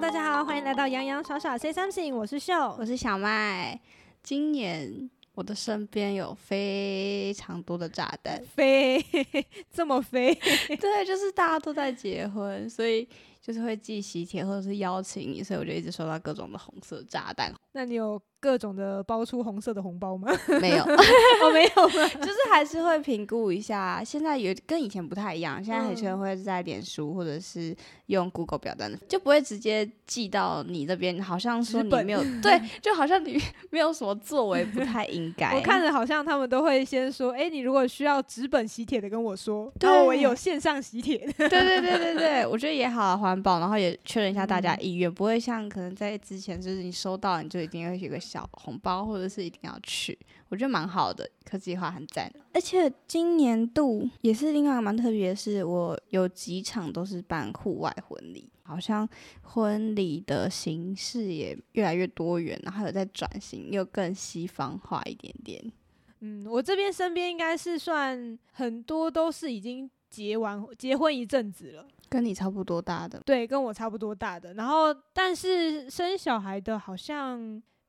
大家好，歡迎來到洋洋肖笑 Say Something。我是秀，我是小麥。今年我的身邊有非常多的炸彈 飛，這麼飛， 對，就是大家都在結婚，所以。就是會寄喜帖或者是邀請你，所以我就一直收到各種的紅色炸彈。那你有各種的包出紅色的紅包嗎？ 沒有，我沒有就是還是會評估一下。現在有跟以前不太一樣，現在很多人會在臉書或者是用 Google 表單，就不會直接寄到你那邊。好像說你沒有 對，就好像你沒有什麼作為，不太應該。 我看着好像他們都會先說，哎、欸，你如果需要紙本喜帖的跟我說，對，我有線上喜帖。 對對對對對，我覺得也好啊，還。然後也確認一下大家意願，嗯、不會像可能在之前，就是你收到了你就一定要有一個小紅包，或者是一定要去，我覺得蠻好的，科技化很讚。而且今年度也是另外蠻特別的是，我有幾場都是辦戶外婚禮，好像婚禮的形式也越來越多元，然後有在轉型，又更西方化一點點。嗯，我這邊身邊應該是算很多都是已經。結完結婚一陣子了，跟你差不多大的，對，跟我差不多大的。然後，但是生小孩的好像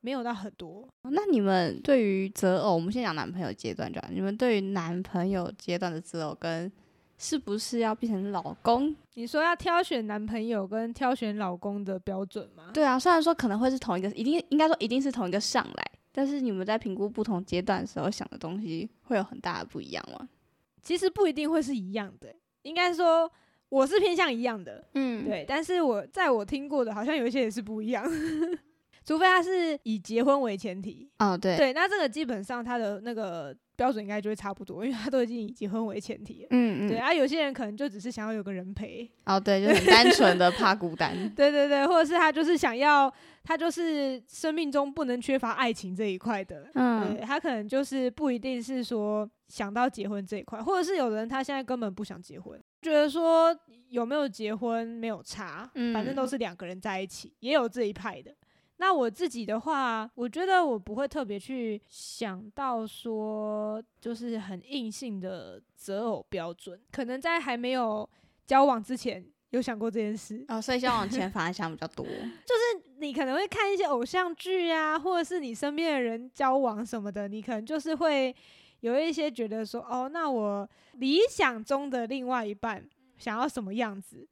沒有到很多。那你們對於擇偶，我們先講男朋友階段就好，就你們對於男朋友階段的擇偶，跟是不是要變成老公？你說要挑選男朋友跟挑選老公的標準嗎？對啊，雖然說可能會是同一個，一定應該說一定是同一個上來，但是你們在評估不同階段的時候想的東西會有很大的不一樣嗎？其實不一定會是一樣的欸，應該說我是偏向一樣的，嗯，對。但是我在我聽過的，好像有一些也是不一樣，呵呵，除非他是以結婚為前提，哦，對，對。那這個基本上他的那個。標準應該就會差不多，因為他都已經以結婚為前提。嗯，嗯。對，啊，有些人可能就只是想要有個人陪。哦，對，就很單純的 怕孤單。對對對，或者是他就是想要，他就是生命中不能缺乏愛情這一塊的。嗯。對，他可能就是不一定是說想到結婚這一塊，或者是有人他現在根本不想結婚，覺得說有沒有結婚沒有差，嗯。反正都是兩個人在一起，也有這一派的。那我自己的話，我覺得我不會特別去想到說，就是很硬性的擇偶標準。可能在還沒有交往之前，有想過這件事哦，所以交往前反而想比較多。 就是你可能會看一些偶像劇啊，或者是你身邊的人交往什麼的，你可能就是會有一些覺得說，哦，那我理想中的另外一半想要什麼樣子。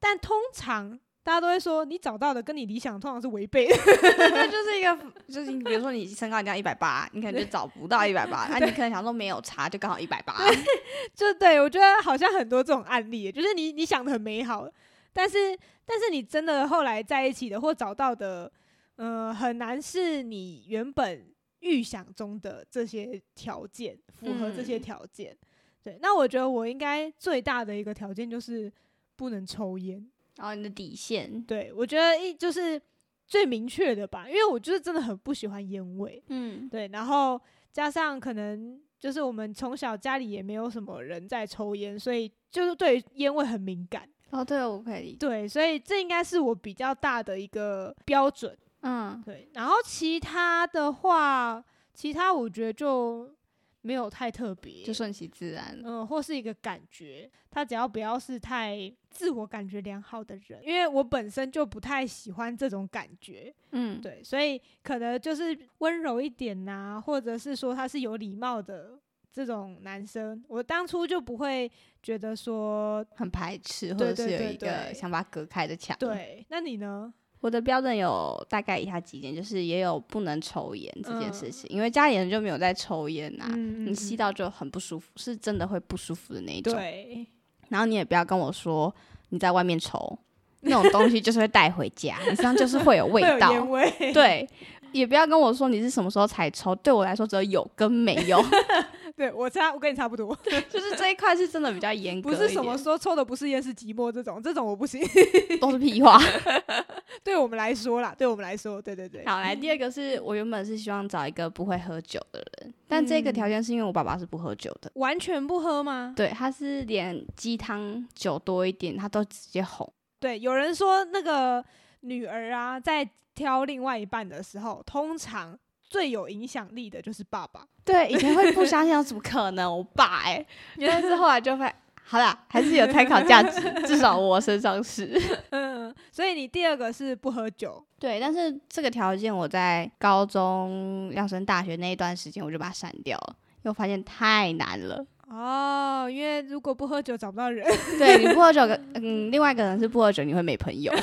但通常。大家都會說，你找到的跟你理想通常是違背的，那就是一個， 就是你比如說你身高你定一百八，你可能就找不到一百八，那你可能想說沒有差就剛好一百八，對 就對我覺得好像很多這種案例，就是你你想的很美好，但是但是你真的後來在一起的或找到的，呃，很難是你原本預想中的這些條件符合這些條件，嗯，對，那我覺得我應該最大的一個條件就是不能抽煙。然後你的底線，對，我覺得一就是最明確的吧，因為我就是真的很不喜歡煙味，嗯，對，然後加上可能就是我們從小家裡也沒有什麼人在抽煙，所以就是對煙味很敏感。哦，對哦，我可以理解，對，所以這應該是我比較大的一個標準，嗯，對。然後其他的話，其他我覺得就沒有太特別，就順其自然，嗯、呃，或是一個感覺，他只要不要是太。自我感覺良好的人，因為我本身就不太喜歡這種感覺，嗯，對，所以可能就是溫柔一點吶、啊，或者是說他是有禮貌的這種男生，我當初就不會覺得說很排斥，或者是有一個想把他隔開的牆。對，那你呢？我的標準有大概以下幾點，就是也有不能抽菸這件事情、嗯，因為家裡人就沒有在抽菸吶、啊嗯嗯嗯，你吸到就很不舒服，是真的會不舒服的那一種。對。然後你也不要跟我說，你在外面抽那種東西，就是會帶回家， 你身上就是會有味道有味。對，也不要跟我說你是什麼時候才抽，對我來說只有有跟沒有。 對，我差，我跟你差不多，對就是這一塊是真的比較嚴格。 不是什麼說抽的不是菸是寂寞這種，這種我不行， 都是屁話。 對我們來說啦，對我們來說，對對對。好來，第二個是我原本是希望找一個不會喝酒的人，嗯、但這個條件是因為我爸爸是不喝酒的，完全不喝嗎？對，他是連雞湯酒多一點，他都直接紅。對，有人說那個女兒啊，在挑另外一半的時候，通常。最有影響力的就是爸爸。對，以前會不相信有什麼可能， 我爸哎、欸，但是後來就會好啦，還是有參考價值， 至少我身上是。嗯，所以你第二個是不喝酒。對，但是這個條件我在高中要升大學那一段時間我就把它刪掉了，因為我發現太難了。哦，因為如果不喝酒找不到人。對，你不喝酒，嗯，另外一個人是不喝酒，你會沒朋友。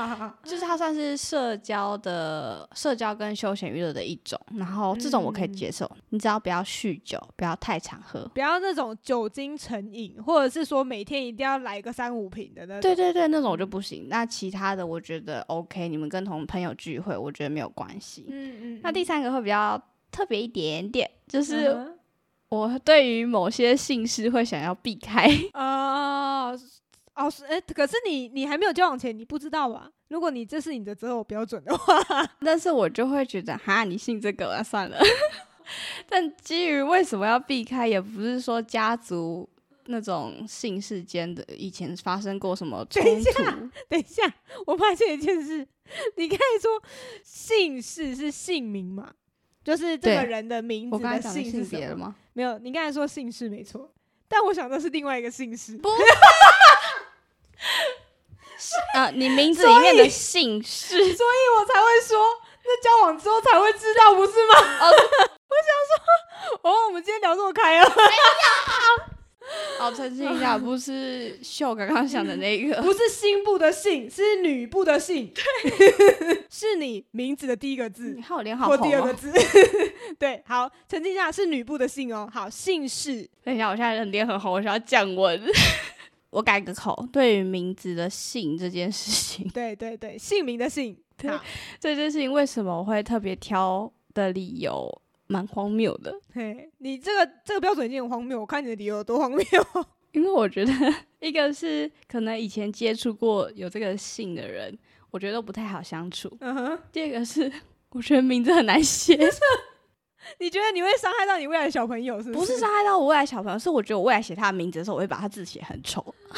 啊、就是它算是社交的社交跟休閒娛樂的一種，然後這種我可以接受，嗯、你只要不要酗酒，不要太常喝，不要那種酒精成癮，或者是說每天一定要來個三五瓶的那種。對對對，那種我就不行。那其他的我覺得 OK，你們跟同朋友聚會，我覺得沒有關係。嗯嗯。那第三個會比較特別一點點，就是我對於某些姓氏會想要避開啊。嗯嗯嗯 哦，是誒，可是你你還沒有交往前，你不知道吧？如果你這是你的擇偶標準的話，但是我就會覺得哈，你信這個啊，算了。 但至於為什麼要避開，也不是說家族那種姓氏間的以前發生過什麼衝突。等一下，等一下，我發現一件事，你剛才說姓氏是姓名嘛，就是這個人的名字和性別了嗎？沒有，你剛才說姓氏沒錯，但我想的是另外一個姓氏。 啊、呃！你名字裡面的姓氏，所以我才會說，那交往之後才會知道，不是嗎？哦、 我想說，哦，我們今天聊這麼開了、哎。好、 哦，澄清一下，不是秀剛剛想的那個、嗯，不是心部的姓，是女部的姓。對， 是你名字的第一個字。你臉好紅、哦。第二個字， 對，好，澄清一下，是女部的姓哦。好，姓氏。等一下，我現在臉很紅，我想要降溫。 我改個口，對於名字的姓這件事情，對對對，姓名的姓，對，好，這件事情為什麼我會特別挑的理由蠻荒謬的。Hey, 你這個這個標準已經很荒謬，我看你的理由有多荒謬。因為我覺得，一個是可能以前接觸過有這個姓的人，我覺得都不太好相處。嗯哼。第二個是，我覺得名字很難寫。 你覺得你會傷害到你未來的小朋友？是不是？不是傷害到我未來小朋友，是我覺得我未來寫他的名字的時候，我會把他字寫很醜。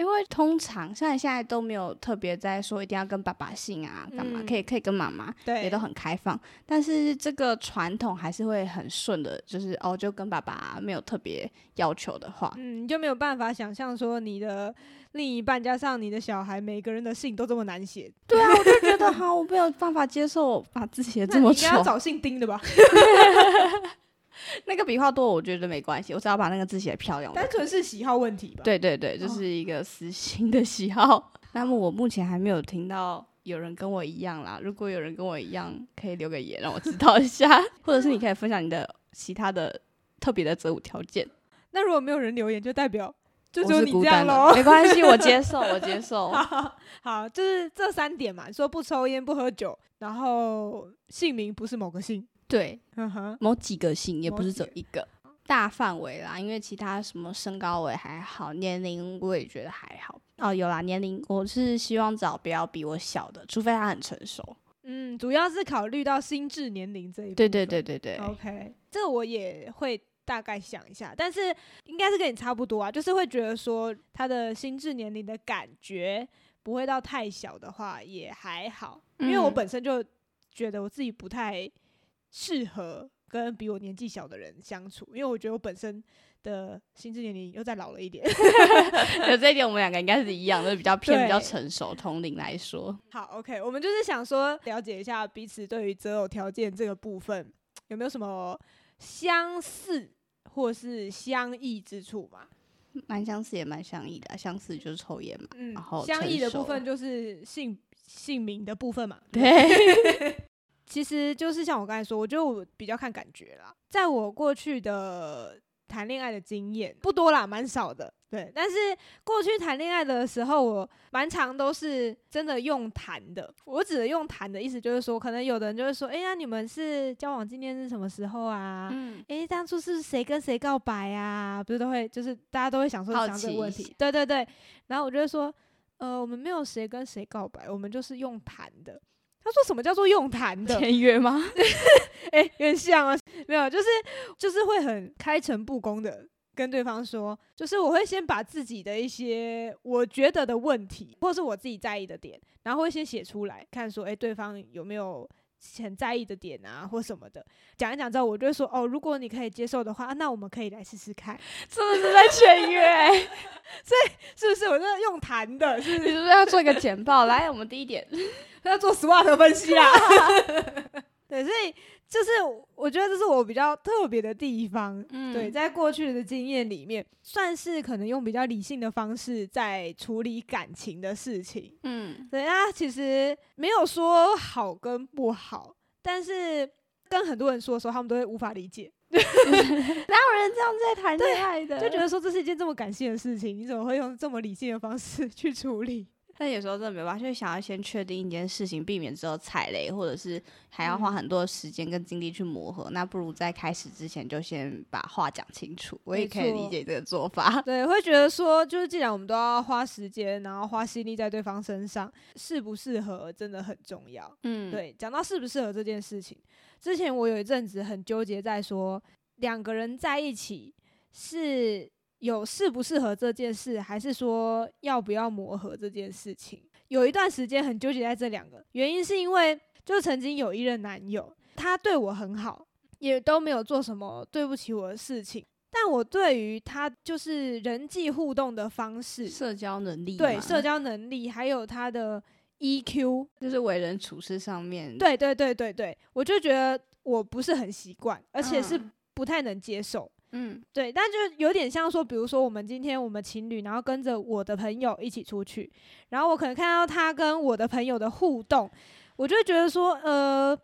因為通常像你現在都沒有特別在說一定要跟爸爸姓啊，幹嘛、嗯、可以可以跟媽媽，對，也都很開放。但是這個傳統還是會很順的，就是哦，就跟爸爸沒有特別要求的話，嗯，你就沒有辦法想象說你的另一半加上你的小孩，每個人的姓都這麼難寫。對啊，我就覺得好， 我沒有辦法接受把字寫這麼醜，你要找姓丁的吧。 那個筆畫多，我覺得沒關係，我只要把那個字寫漂亮。單純是喜好問題吧？對對對，就是一個私心的喜好。Oh. 那麼我目前還沒有聽到有人跟我一樣啦。如果有人跟我一樣，可以留個言讓我知道一下， 或者是你可以分享你的其他的特別的擇偶條件。那如果沒有人留言，就代表就只有你這樣嘍， 沒關係，我接受，我接受 好好。好，就是這三點嘛，說不抽菸不喝酒，然後姓名不是某個姓。對、uh -huh. 某，某幾個姓也不是只有一個大範圍啦，因為其他什麼身高我也還好，年齡我也覺得還好。哦，有啦，年齡我是希望找不要比我小的，除非他很成熟。嗯，主要是考慮到心智年齡這一塊，對對對對對。OK，這個我也會大概想一下，但是應該是跟你差不多啊，就是會覺得說他的心智年齡的感覺不會到太小的話也還好，嗯、因為我本身就覺得我自己不太適合跟比我年紀小的人相處，因為我覺得我本身的心智年齡又再老了一點。那 這一點我們兩個應該是一樣，就是比較偏比較成熟。同齡來說，好 OK，我們就是想說了解一下彼此對於擇偶條件這個部分有沒有什麼相似或是相異之處吧？蠻相似也蠻相異的，相似就是抽菸嘛，然後相異的部分就是姓姓名的部分嘛。對，對。對 其實就是像我剛才說，我覺得我比較看感覺啦。在我過去的談戀愛的經驗不多啦，蠻少的。對，但是過去談戀愛的時候，我蠻常都是真的用談的。我指的用談的意思就是說，可能有的人就會說：“哎呀，你們是交往紀念日是什麼時候啊？嗯，哎，當初是誰跟誰告白啊？不是都會就是大家都會想說想這個問題。對對對。然後我就會說：“呃，我們沒有誰跟誰告白，我們就是用談的。”他說，什麼叫做用談的？簽約嗎？哎、 欸，有點像啊、喔，沒有，就是就是會很開誠布公的跟對方說，就是我會先把自己的一些我覺得的問題，或者是我自己在意的點，然後會先寫出來，看說，哎、欸，對方有沒有？很在意的點啊，或什麼的，講一講之後，我就會說哦，如果你可以接受的話，啊、那我們可以來試試看是、欸。 是不是在簽約？所以是不是我就用談的？是不是， 你就是要做一個簡報？ 來，我們第一點要做 SWOT 分析啦、啊。 對，所以就是我覺得這是我比較特別的地方，嗯，對，在過去的經驗裡面，算是可能用比較理性的方式在處理感情的事情，嗯，對啊，其實沒有說好跟不好，但是跟很多人說的時候，他們都會無法理解，嗯， 哪有人這樣在談戀愛的，就覺得說這是一件這麼感性的事情，你怎麼會用這麼理性的方式去處理？但有時候真的沒辦法，就想要先確定一件事情，避免之後踩雷，或者是還要花很多時間跟精力去磨合、嗯，那不如在開始之前就先把話講清楚。我也可以理解這個做法，對，會覺得說，就是既然我們都要花時間，然後花心力在對方身上，適不適合真的很重要。嗯，對，講到適不適合這件事情，之前我有一陣子很糾結，在說兩個人在一起是。有適不適合這件事，還是說要不要磨合這件事情？有一段時間很糾結在這兩個原因，是因為就曾經有一任男友，他對我很好，也都沒有做什麼對不起我的事情。但我對於他就是人際互動的方式、社交能力，對社交能力，還有他的 EQ，就是為人處事上面，對對對對對，我就覺得我不是很習慣，而且是不太能接受。嗯嗯，對，但就有點像說，比如說我們今天我們情侶，然後跟着我的朋友一起出去，然後我可能看到他跟我的朋友的互動，我就會覺得說，呃，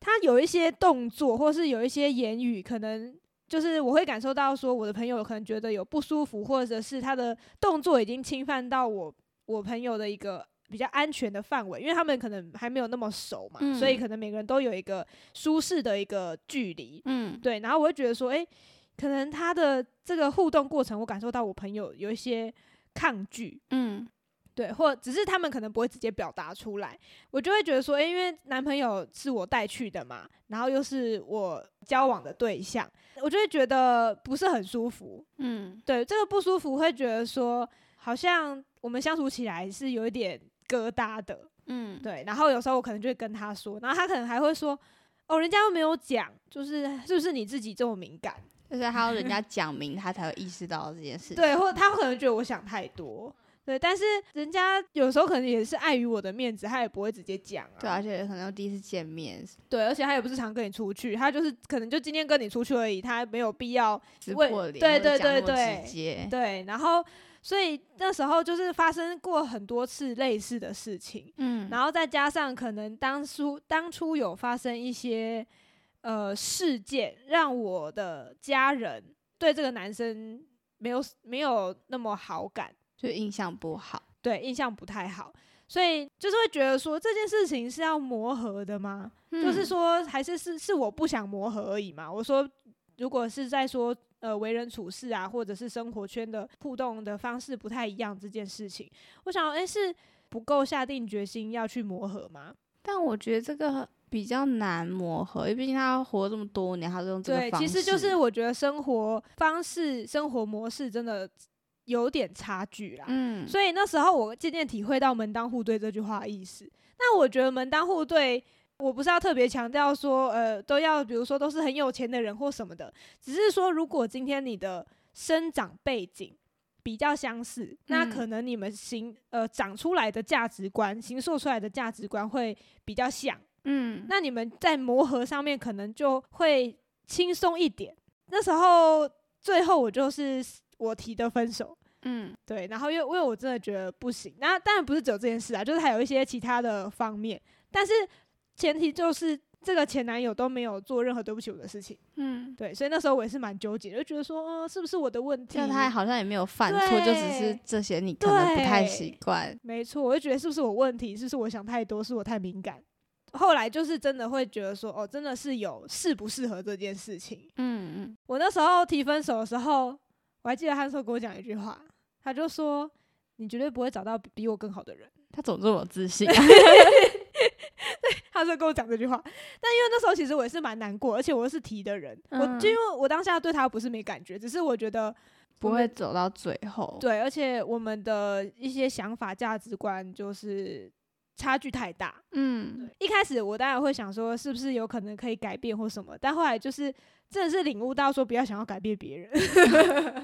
他有一些動作，或是有一些言語，可能就是我會感受到說，我的朋友可能覺得有不舒服，或者是他的動作已經侵犯到我我朋友的一個比較安全的範圍，因為他們可能還沒有那麼熟嘛，嗯，所以可能每個人都有一個舒適的一個距離，嗯，對，然後我會覺得說，誒，欸。可能他的這個互動過程，我感受到我朋友有一些抗拒，嗯，對，或者只是他們可能不會直接表達出來，我就會覺得說，欸，因為男朋友是我帶去的嘛，然後又是我交往的對象，我就會覺得不是很舒服，嗯，對，這個不舒服會覺得說，好像我們相處起來是有一點疙瘩的，嗯，對，然後有時候我可能就會跟他說，然後他可能還會說，哦，人家又沒有講，就是是不是你自己這麼敏感？就是他要人家講明，他才會意識到這件事。 對，或他可能覺得我想太多。對，但是人家有時候可能也是礙於我的面子，他也不會直接講。對、啊，而且可能第一次見面。對，而且他也不是常跟你出去，他就是可能就今天跟你出去而已，他沒有必要問直破對對對對，對，對。然後，所以那時候就是發生過很多次類似的事情。嗯。然後再加上可能當初當初有發生一些。呃，事件讓我的家人對這個男生沒有沒有那麼好感，就印象不好，對，印象不太好，所以就是會覺得說這件事情是要磨合的嗎？嗯、就是說還是是是我不想磨合而已嘛？我說如果是在說呃為人處事啊，或者是生活圈的互動的方式不太一樣這件事情，我想哎、欸、是不夠下定決心要去磨合嗎？但我覺得這個。比較難磨合，因為畢竟他活了這麼多年，他是用這個方式。對，其實就是我覺得生活方式、生活模式真的有點差距啦。嗯，所以那時候我漸漸體會到“門當戶對”這句話的意思。那我覺得“門當戶對”，我不是要特別強調說，呃，都要比如說都是很有錢的人或什麼的，只是說如果今天你的生長背景比較相似，嗯、那可能你們形呃長出來的價值觀、形塑出來的價值觀會比較像。嗯，那你們在磨合上面可能就會輕鬆一點。那時候最後我就是我提的分手，嗯，對，然後因為因為我真的覺得不行。那當然不是只有這件事啊，就是還有一些其他的方面。但是前提就是這個前男友都沒有做任何對不起我的事情，嗯，對。所以那時候我也是蠻糾結的，就覺得說，嗯、呃，是不是我的問題？但他好像也沒有犯錯，就只是這些，你可能不太習慣。沒錯，我就覺得是不是我問題？是不是我想太多？是我太敏感？後來就是真的會覺得說，哦，真的是有適不適合這件事情。嗯嗯。我那時候提分手的時候，我還記得他的時候跟我講一句話，他就說：“你絕對不會找到比我更好的人。”他總這麼自信、啊。 對，他說跟我講這句話。但因為那時候其實我也是蠻難過，而且我是提的人，嗯、我就因為我當下對他不是沒感覺，只是我覺得我會不會走到最後。對，而且我們的一些想法、價值觀就是。差距太大，嗯，一開始我當然會想說，是不是有可能可以改變或什麼？但後來就是真的是領悟到說，不要想要改變別人。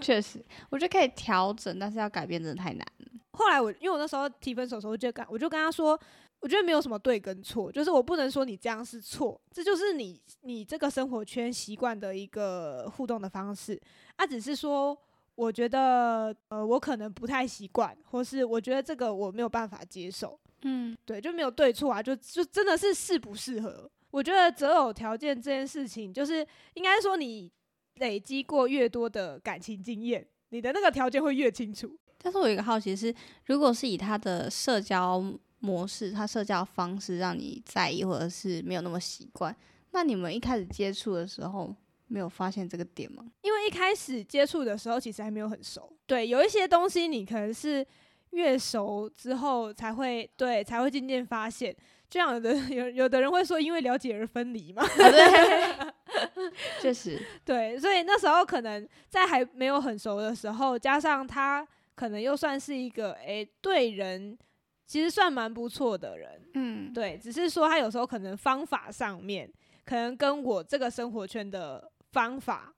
確、嗯、 實，我覺得可以調整，但是要改變真的太難了。後來我因為我那時候提分手的時候，就跟我就跟他說，我覺得沒有什麼對跟錯，就是我不能說你這樣是錯，這就是你你這個生活圈習慣的一個互動的方式。他、啊、只是說，我覺得呃，我可能不太習慣，或是我覺得這個我沒有辦法接受。嗯，對，就沒有對錯啊，就就真的是適不適合？我覺得擇偶條件這件事情，就是應該說你累積過越多的感情經驗，你的那個條件會越清楚。但是我有一個好奇是，如果是以他的社交模式、他社交方式讓你在意，或者是沒有那麼習慣，那你們一開始接觸的時候沒有發現這個點嗎？因為一開始接觸的時候，其實還沒有很熟。對，有一些東西你可能是。越熟之後才會，對，才會漸漸發現。就像有的有有的人會說，因為了解而分離嘛。啊、對、 就是，確實，對。所以那時候可能在還沒有很熟的時候，加上他可能又算是一個誒、欸，對人其實算蠻不錯的人。嗯，對，只是說他有時候可能方法上面可能跟我這個生活圈的方法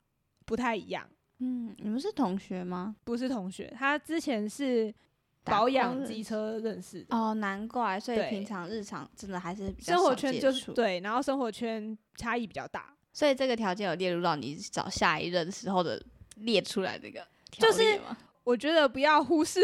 不太一樣。嗯，你們是同學嗎？不是同學，他之前是。保養機車認識，的認識。哦，難怪。所以平常日常真的還是比較接觸生活圈就是對，然後生活圈差異比較大，所以這個條件有列入到你找下一任時候的列出來這個條件嗎？就是，我覺得不要忽視，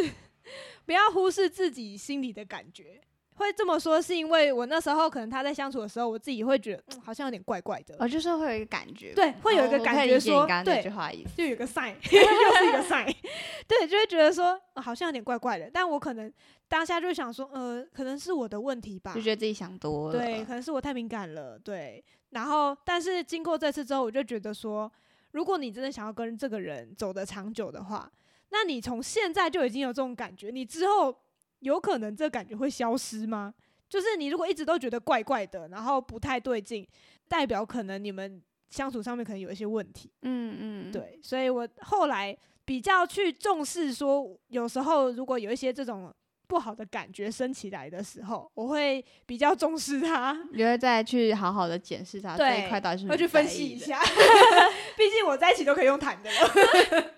不要忽視自己心裡的感覺。會這麼說是因為我那時候可能他在相處的時候，我自己會覺得、嗯、好像有點怪怪的，啊、哦，就是會有一個感覺，對，會有一個感覺說，剛剛話對，就有個 sign，又是一個 sign 對，就會覺得說、哦、好像有點怪怪的。但我可能當下就想說，呃，可能是我的問題吧，就覺得自己想多了，對，可能是我太敏感了，對。然後，但是經過這次之後，我就覺得說，如果你真的想要跟這個人走得長久的話，那你從現在就已經有這種感覺，你之後。有可能這感覺會消失嗎？就是你如果一直都覺得怪怪的，然後不太對勁，代表可能你們相處上面可能有一些問題。嗯嗯，對，所以我後來比較去重視說，有時候如果有一些這種不好的感覺升起來的時候，我會比較重視它，你會再去好好的檢視它這一塊到底是什麼？會去分析一下，畢 竟我在一起都可以用談的了。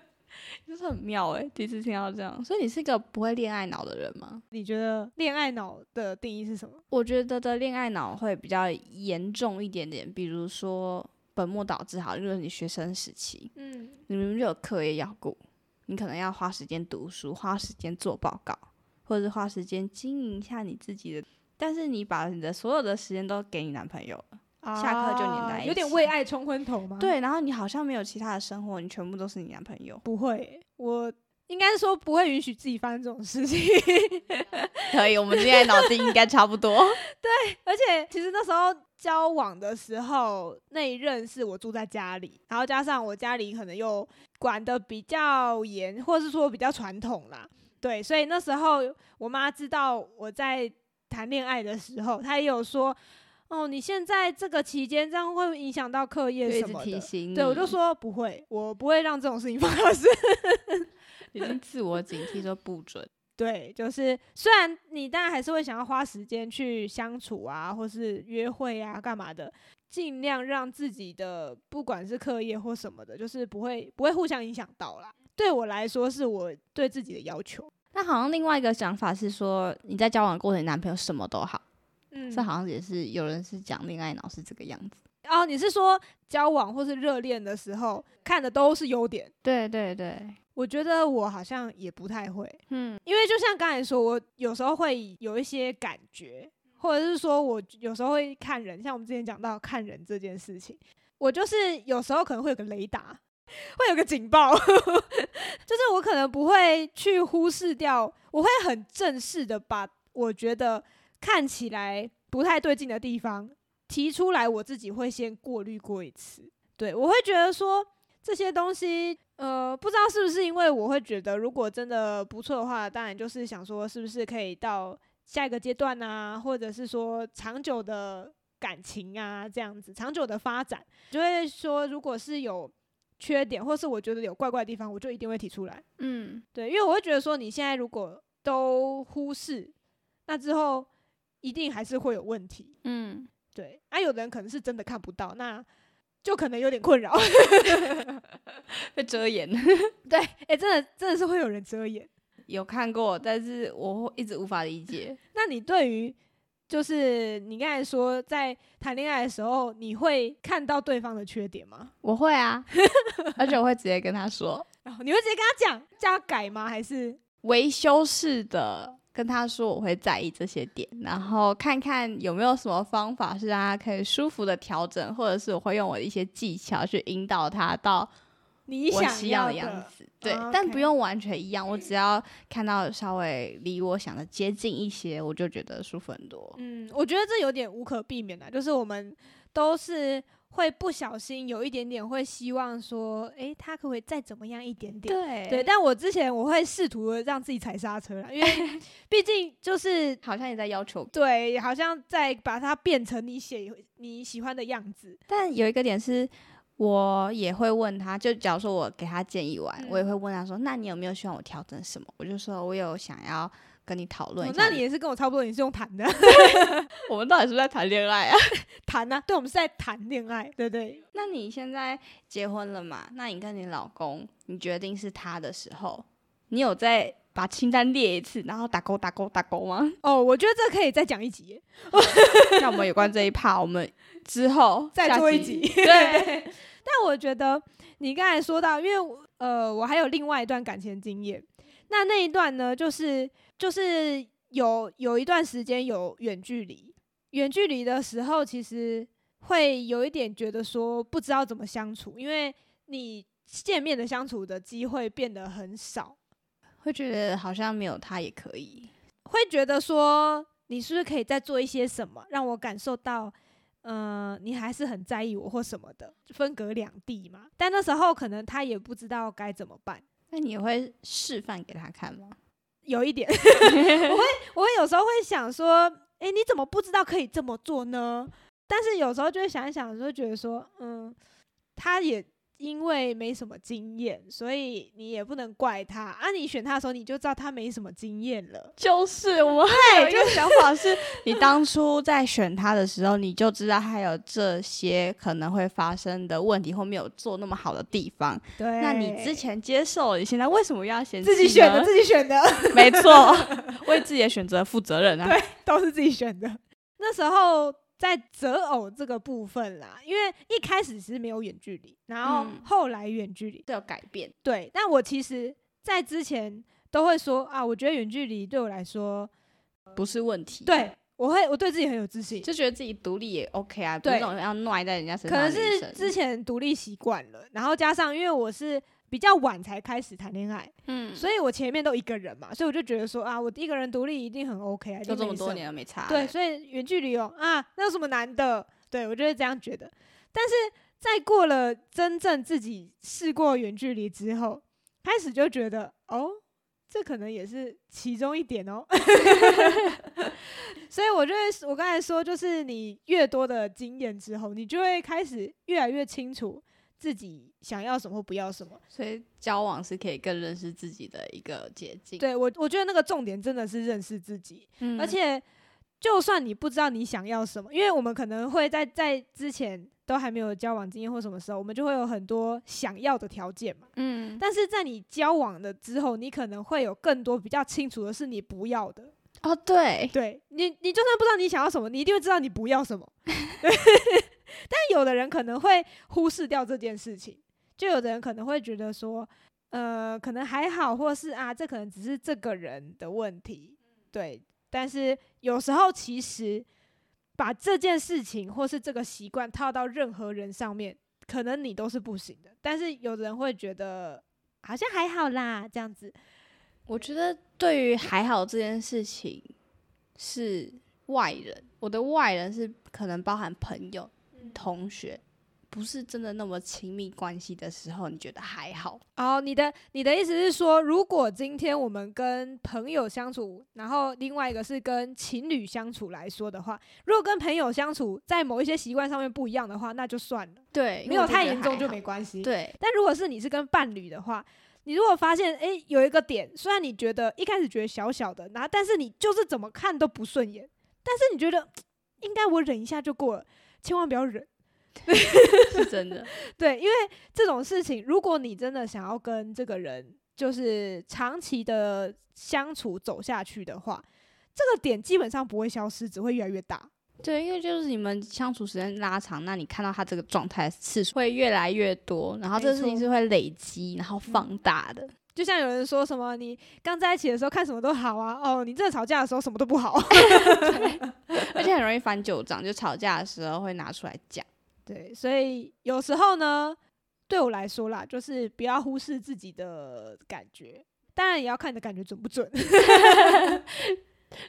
就是很妙誒、欸，第一次聽到這樣，所以你是一個不會戀愛腦的人嗎？你覺得戀愛腦的定義是什麼？我覺得的戀愛腦會比較嚴重一點點，比如說本末倒置好，就是你學生時期，嗯，你明明就有課業要顧，你可能要花時間讀書，花時間做報告，或者是花時間經營一下你自己的，但是你把你的所有的時間都給你男朋友了。Uh, 下課就黏在一起。有點為愛衝昏頭嗎？對，然後你好像沒有其他的生活，你全部都是你男朋友。不會，我應該說不會允許自己發生這種事情。 可以，我們現在腦筋應該差不多。 對，而且其實那時候交往的時候，那一任是我住在家裡，然後加上我家裡可能又管得比較嚴，或者是說比較傳統啦，對，所以那時候我媽知道我在談戀愛的時候，她也有說。哦，你現在這個期間這樣會不會影響到課業什麼的？就提醒你。對，我就說不會，我不會讓這種事情發生。你 自我警惕說不准。 對，就是雖然你當然還是會想要花時間去相處啊，或是約會啊，幹嘛的，盡量讓自己的不管是課業或什麼的，就是不會不會互相影響到啦。對我來說，是我對自己的要求。那好像另外一個想法是說，你在交往過程，你男朋友什麼都好。嗯，這好像也是有人是講戀愛腦是這個樣子哦。你是說交往或是熱戀的時候看的都是優點？對對對，我覺得我好像也不太會，嗯，因為就像剛才說，我有時候會有一些感覺，或者是說我有時候會看人，像我們之前講到看人這件事情，我就是有時候可能會有個雷達，會有個警報， 就是我可能不會去忽視掉，我會很正式的把我覺得。看起來不太對勁的地方，提出來我自己會先過濾過一次。對，我會覺得說這些東西，呃，不知道是不是因為我會覺得，如果真的不錯的話，當然就是想說，是不是可以到下一個階段啊，或者是說長久的感情啊這樣子，長久的發展，就會說，如果是有缺點，或是我覺得有怪怪的地方，我就一定會提出來。嗯，對，因為我會覺得說，你現在如果都忽視，那之後。一定還是會有問題，嗯，對。那、啊、有的人可能是真的看不到，那就可能有點困擾，會 遮掩。 對、欸，真的真的是會有人遮掩。有看過，但是我一直無法理解。 那你對於，就是你剛才說在談戀愛的時候，你會看到對方的缺點嗎？我會啊， 而且我會直接跟他說。 你會直接跟他講，叫他改嗎？還是維修式的？跟他說我會在意這些點，然後看看有沒有什麼方法是讓他可以舒服的調整，或者是我會用我的一些技巧去引導他到你想要的樣子。對、okay，但不用完全一樣，我只要看到稍微離我想的接近一些，我就覺得舒服很多。嗯，我覺得這有點無可避免的，就是我們都是。會不小心有一點點，會希望說，哎，他可不可以再怎麼樣一點點？對，對，但我之前我會試圖的讓自己踩剎車，因為畢竟就是 好像也在要求，對，好像在把它變成你你喜歡的樣子。但有一個點是，我也會問他，就假如說我給他建議完，嗯、我也會問他說，那你有沒有希望我調整什麼？我就說我有想要。跟你討論，那你也是跟我差不多，你是用談的啊。 我們到底是不是在談戀愛啊？談 談啊， 對，我們是在談戀愛，對不對？那你現在結婚了嘛？那你跟你老公，你決定是他的時候，你有再把清單列一次，然後打勾打勾打勾嗎？哦，我覺得這可以再講一集。 那我們有關這一趴，我們之後 再做一集。 對。對對 但我覺得你剛才說到，因為呃，我還有另外一段感情的經驗。那那一段呢，就是。就是有有一段時間有遠距離，遠距離的時候，其實會有一點覺得說不知道怎麼相處，因為你見面的相處的機會變得很少，會覺得好像沒有他也可以，會覺得說你是不是可以再做一些什麼，讓我感受到，嗯、呃，你還是很在意我或什麼的。分隔兩地嘛，但那時候可能他也不知道該怎麼辦。那你會示範給他看嗎？有一點 我會，我會有時候會想說，哎、欸，你怎麼不知道可以這麼做呢？但是有時候就會想一想，就覺得說，嗯，他也。因為沒什麼經驗，所以你也不能怪他。啊，你選他的時候，你就知道他沒什麼經驗了。就是我，我們還有一個想法是， 是你當初在選他的時候，你就知道他有這些可能會發生的問題或沒有做那麼好的地方。對，那你之前接受，你現在為什麼要嫌棄？自己選的，自己選的， 沒錯，為自己的選擇負責任啊。對，都是自己選的。那時候。在擇偶這個部分啦，因為一開始其實沒有遠距離，然後後來遠距離都、嗯、有改變。對，但我其實在之前都會說啊，我覺得遠距離對我來說、呃、不是問題。對，我會我對自己很有自信，就覺得自己獨立也 OK 啊，對，不是那種要賴在人家身上。可能是之前獨立習慣了，然後加上因為我是。比較晚才開始談戀愛，嗯，所以我前面都一個人嘛，所以我就覺得說啊，我一個人獨立一定很 OK 啊，就這麼多年都沒差，欸，對，所以遠距離哦啊，那有什麼難的？對我就是這樣覺得，但是在過了真正自己試過遠距離之後，開始就覺得哦，這可能也是其中一點哦， 所以我就是我剛才說就是你越多的經驗之後，你就會開始越來越清楚。自己想要什麼，或不要什麼，所以交往是可以更認識自己的一個捷徑。對，我我覺得那個重點真的是認識自己，嗯，而且就算你不知道你想要什麼，因為我們可能會在在之前都還沒有交往經驗或什麼時候，我們就會有很多想要的條件嘛。嗯，但是在你交往了之後，你可能會有更多比較清楚的是你不要的。哦，對，對，你你就算不知道你想要什麼，你一定會知道你不要什麼。對。 但有的人可能會忽視掉這件事情，就有的人可能會覺得說，呃，可能還好，或是啊，這可能只是這個人的問題，對。但是有時候其實把這件事情或是這個習慣套到任何人上面，可能你都是不行的。但是有的人會覺得好像還好啦，這樣子。我覺得對於“還好”這件事情，是外人，我的外人是可能包含朋友。同學不是真的那麼親密關係的時候，你覺得還好。哦，你的你的意思是說，如果今天我們跟朋友相處，然後另外一個是跟情侶相處來說的話，如果跟朋友相處在某一些習慣上面不一樣的話，那就算了。對，沒有太嚴重就沒關係。對，但如果是你是跟伴侶的話，你如果發現欸有一個點，雖然你覺得一開始覺得小小的，然後但是你就是怎麼看都不順眼，但是你覺得應該我忍一下就過了。千萬不要忍， 是真的。 對，因為這種事情，如果你真的想要跟這個人就是長期的相處走下去的話，這個點基本上不會消失，只會越來越大。對，因為就是你們相處時間拉長，那你看到他這個狀態次數會越來越多，然後這個事情是會累積然後放大的。嗯就像有人說什麼，你剛在一起的時候看什麼都好啊，哦，你真的吵架的時候什麼都不好， 而且很容易翻舊賬，就吵架的時候會拿出來講。對，所以有時候呢，對我來說啦，就是不要忽視自己的感覺，當然也要看你的感覺準不準。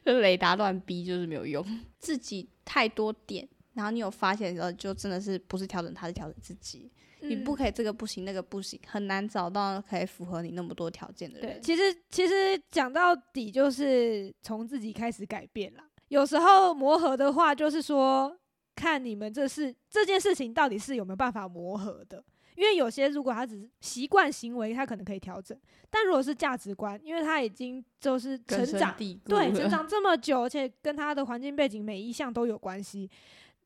就 是 雷達亂逼就是沒有用，自己太多點，然後你有發現的時候，就真的是不是調整他，是調整自己。你不可以這個不行，那個不行，很難找到可以符合你那麼多條件的人。嗯。對，其實其實講到底就是從自己開始改變啦。有時候磨合的話，就是說看你們這是這件事情到底是有沒有辦法磨合的。因為有些如果他只是習慣行為，他可能可以調整；但如果是價值觀，因為他已經就是成長，對，成長這麼久，而且跟他的環境背景每一項都有關係。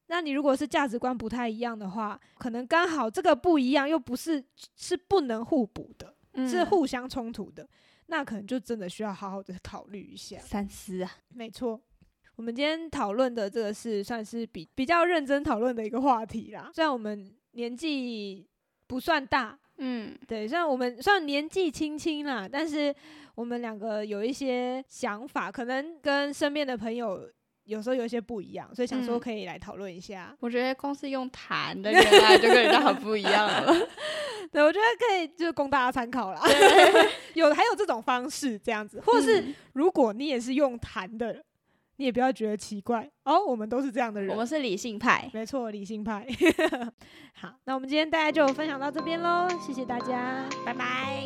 那你如果是價值觀不太一樣的話，可能剛好這個不一樣，又不是是不能互補的，嗯，是互相衝突的，那可能就真的需要好好的考慮一下，三思啊。沒錯，我們今天討論的這個是算是比比較認真討論的一個話題啦。雖然我們年紀不算大，嗯，對，雖然我們雖然年紀輕輕啦，但是我們兩個有一些想法，可能跟身邊的朋友。有時候有一些不一樣，所以想說可以來討論一下、嗯。我覺得光是用談的人啊， 就跟人家很不一樣了。 對，我覺得可以就是供大家參考啦。對對對 有還有這種方式這樣子，或是、嗯、如果你也是用談的人，你也不要覺得奇怪哦。我們都是這樣的人，我們是理性派，沒錯，理性派。 好，那我們今天大家就分享到這邊嘍，謝謝大家， 拜拜。